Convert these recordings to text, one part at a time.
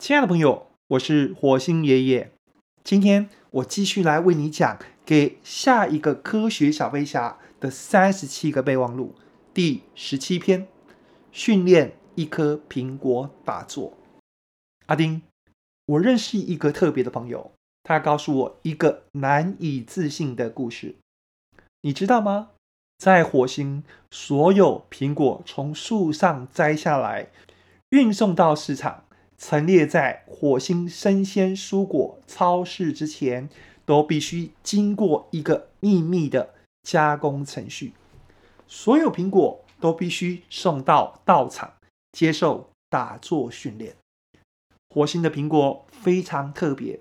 親愛的朋友，我是火星爺爺。今天我繼續來為你講給下一個科學小飛俠的三十七個備忘錄第十七篇：訓練一顆蘋果打坐。阿丁，我認識一個特別的朋友，他告訴我一個難以置信的故事。你知道嗎？在火星，所有蘋果從樹上摘下來，運送到市場。陳列在火星生鮮蔬果超市之前，都必須經過一個秘密的加工程序。所有蘋果都必須送到道場，接受打坐訓練。火星的蘋果非常特別，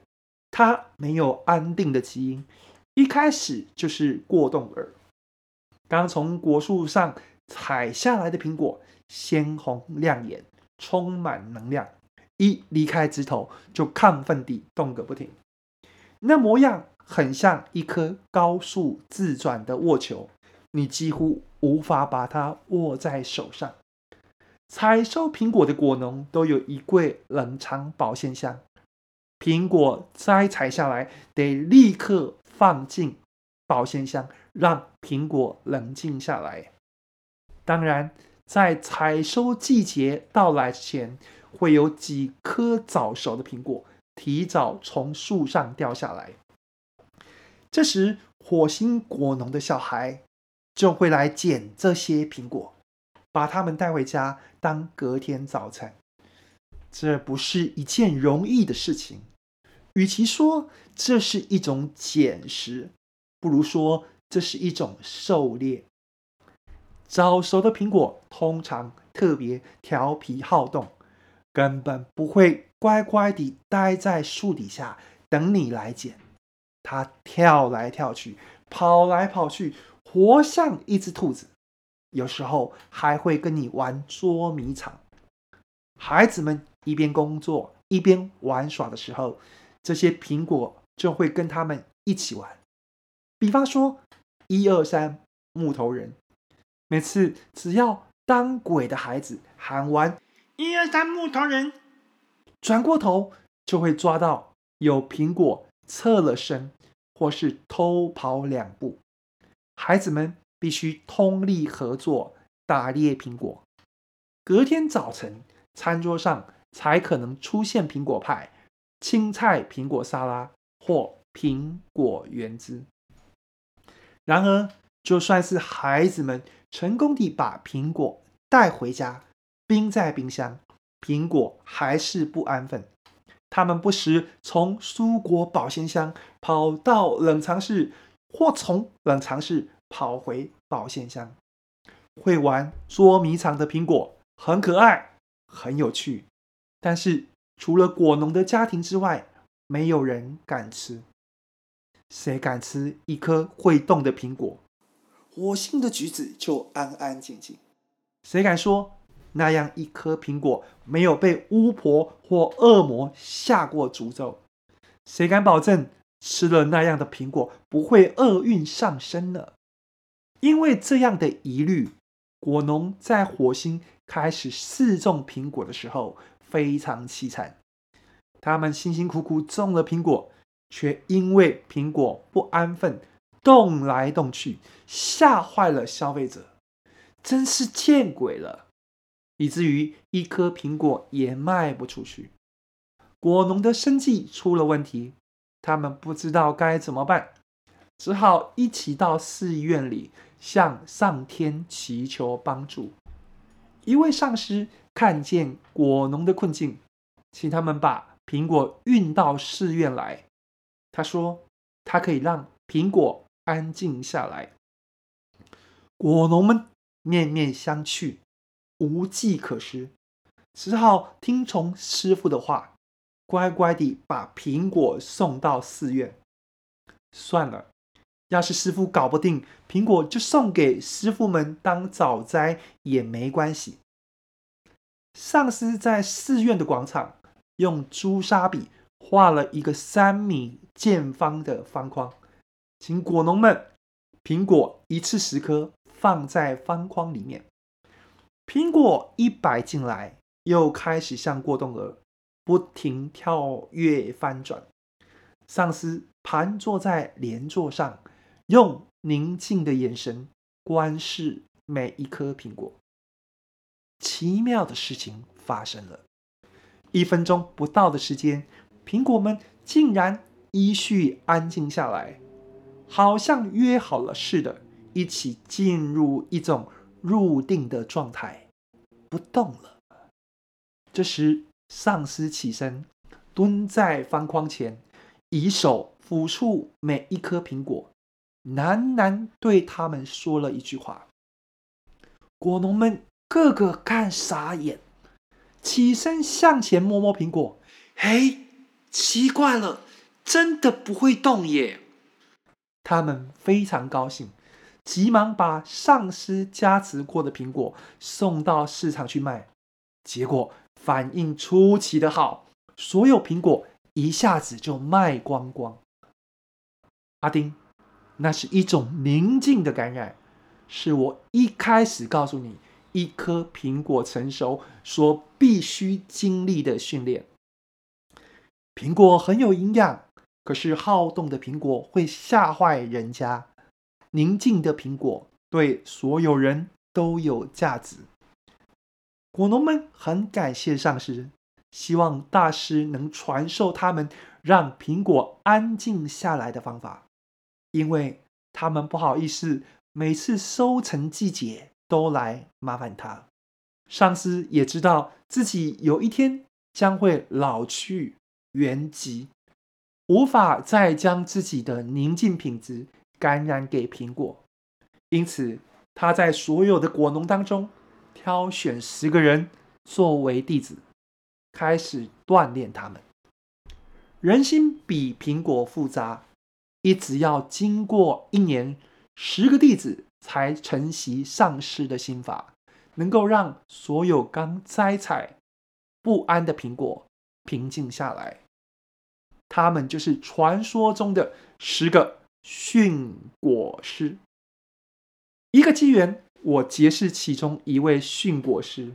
它沒有安定的基因，一開始就是過動兒。剛從果樹上採下來的蘋果，鮮紅亮眼，充滿能量。一離開枝頭，就亢奮地動個不停，那模樣很像一顆高速自轉的握球，你幾乎無法把它握在手上。採收蘋果的果農都有一櫃冷藏保鮮箱，蘋果摘採下來得立刻放進保鮮箱，讓蘋果冷靜下來。當然，在採收季節到來前，會有幾顆早熟的蘋果提早從樹上掉下來。這時，火星果農的小孩就會來撿這些蘋果，把它們帶回家當隔天早餐。這不是一件容易的事情。與其說這是一種撿食，不如說這是一種狩獵。早熟的蘋果通常特別調皮好動。根本不會乖乖地待在樹底下等你來撿，它跳來跳去，跑來跑去，活像一隻兔子。有時候還會跟你玩捉迷藏。孩子們一邊工作一邊玩耍的時候，這些蘋果就會跟他們一起玩。比方說，一二三，木頭人。每次只要當鬼的孩子喊完。一二三，木頭人，轉過頭就會抓到有蘋果。側了身，或是偷跑兩步，孩子們必須通力合作打獵蘋果。隔天早晨，餐桌上，才可能出現蘋果派、青菜蘋果沙拉或蘋果原汁。然而，就算是孩子們成功地把蘋果帶回家，冰在冰箱，蘋果還是不安分，他們不時從蔬果保鮮箱跑到冷藏室，或從冷藏室跑回保鮮箱。會玩捉迷藏的蘋果很可愛，很有趣，但是除了果農的家庭之外，沒有人敢吃。誰敢吃一顆會動的蘋果？火星的橘子就安安靜靜。誰敢說？那樣一顆蘋果沒有被巫婆或惡魔下過詛咒，誰敢保證吃了那樣的蘋果不會厄運上身呢？因為這樣的疑慮，果農在火星開始試種蘋果的時候非常淒慘。他們辛辛苦苦種了蘋果，卻因為蘋果不安分，動來動去，嚇壞了消費者。真是見鬼了。以至於一顆蘋果也賣不出去，果農的生計出了問題，他們不知道該怎麼辦，只好一起到寺院裡向上天祈求幫助。一位上師看見果農的困境，請他們把蘋果運到寺院來。他說他可以讓蘋果安靜下來。果農們面面相覷。無計可施，只好聽從師傅的話，乖乖地把蘋果送到寺院。算了，要是師傅搞不定，蘋果就送給師傅們當早齋也沒關係。上師在寺院的廣場用朱砂筆畫了一個三米見方的方框，請果農們蘋果一次十顆放在方框裡面。蘋果一擺進來，又開始像過動兒，不停跳躍翻轉。上師盤坐在蓮座上，用寧靜的眼神觀視每一顆蘋果。奇妙的事情發生了，一分鐘不到的時間，蘋果們竟然依序安靜下來，好像約好了似的，一起進入一種。入定的狀態，不動了。這時，上師起身，蹲在方框前，以手撫觸每一顆蘋果，喃喃對他們說了一句話。果農們個個看傻眼，起身向前摸摸蘋果，嘿，奇怪了，真的不會動耶！他們非常高興。急忙把上師加持過的蘋果送到市場去賣，結果反應出奇的好，所有蘋果一下子就賣光光。阿丁，那是一種寧靜的感染，是我一開始告訴你，一顆蘋果成熟所必須經歷的訓練。蘋果很有營養，可是好動的蘋果會嚇壞人家。寧靜的蘋果對所有人都有價值。果農們很感謝上師，希望大師能傳授他們讓蘋果安靜下來的方法，因為他們不好意思每次收成季節都來麻煩他。上師也知道自己有一天將會老去、圓寂，無法再將自己的寧靜品質。感染給蘋果，因此他在所有的果農當中挑選十個人作為弟子，開始鍛鍊他們。人心比蘋果複雜，一直要經過一年，十個弟子才承襲上師的心法，能夠讓所有剛摘採不安的蘋果平靜下來。他們就是傳說中的十個馴果師。一個機緣，我結識其中一位馴果師。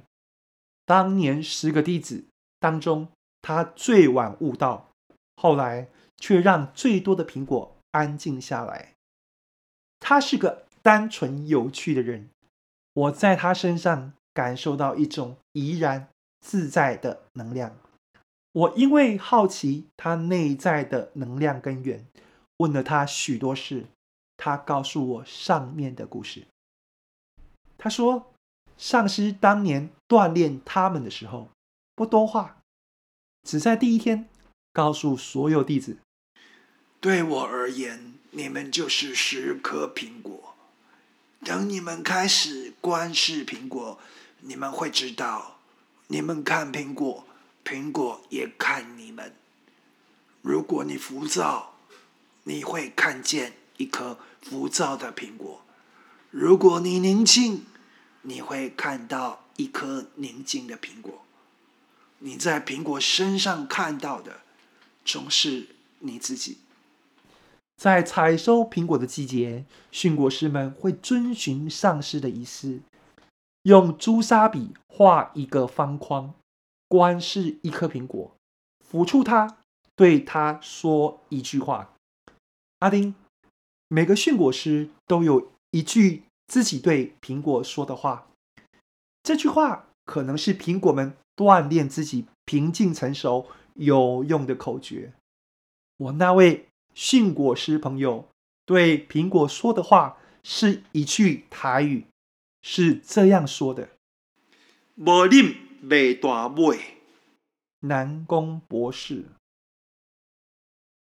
當年十個弟子當中，他最晚悟道，後來卻讓最多的蘋果安靜下來。他是個單純有趣的人，我在他身上感受到一種怡然自在的能量。我因為好奇他內在的能量根源，問了他許多事，他告訴我上面的故事。他說，上師當年鍛鍊他們的時候，不多話，只在第一天告訴所有弟子：“對我而言，你們就是十顆蘋果。等你們開始觀視蘋果，你們會知道，你們看蘋果，蘋果也看你們。如果你浮躁，”你會看見一顆浮躁的蘋果。如果你寧靜，你會看到一顆寧靜的蘋果。你在蘋果身上看到的，總是你自己。在採收蘋果的季節，馴果師們會遵循上師的意思，用朱砂筆畫一個方框，觀視一顆蘋果，撫觸它，對它說一句話。阿丁，每個馴果師都有一句自己對蘋果說的話，這句話可能是蘋果們鍛鍊自己平靜成熟有用的口訣。我那位馴果師朋友對蘋果說的話是一句台語，是這樣說的：“無忍被大妹。”南宮博士。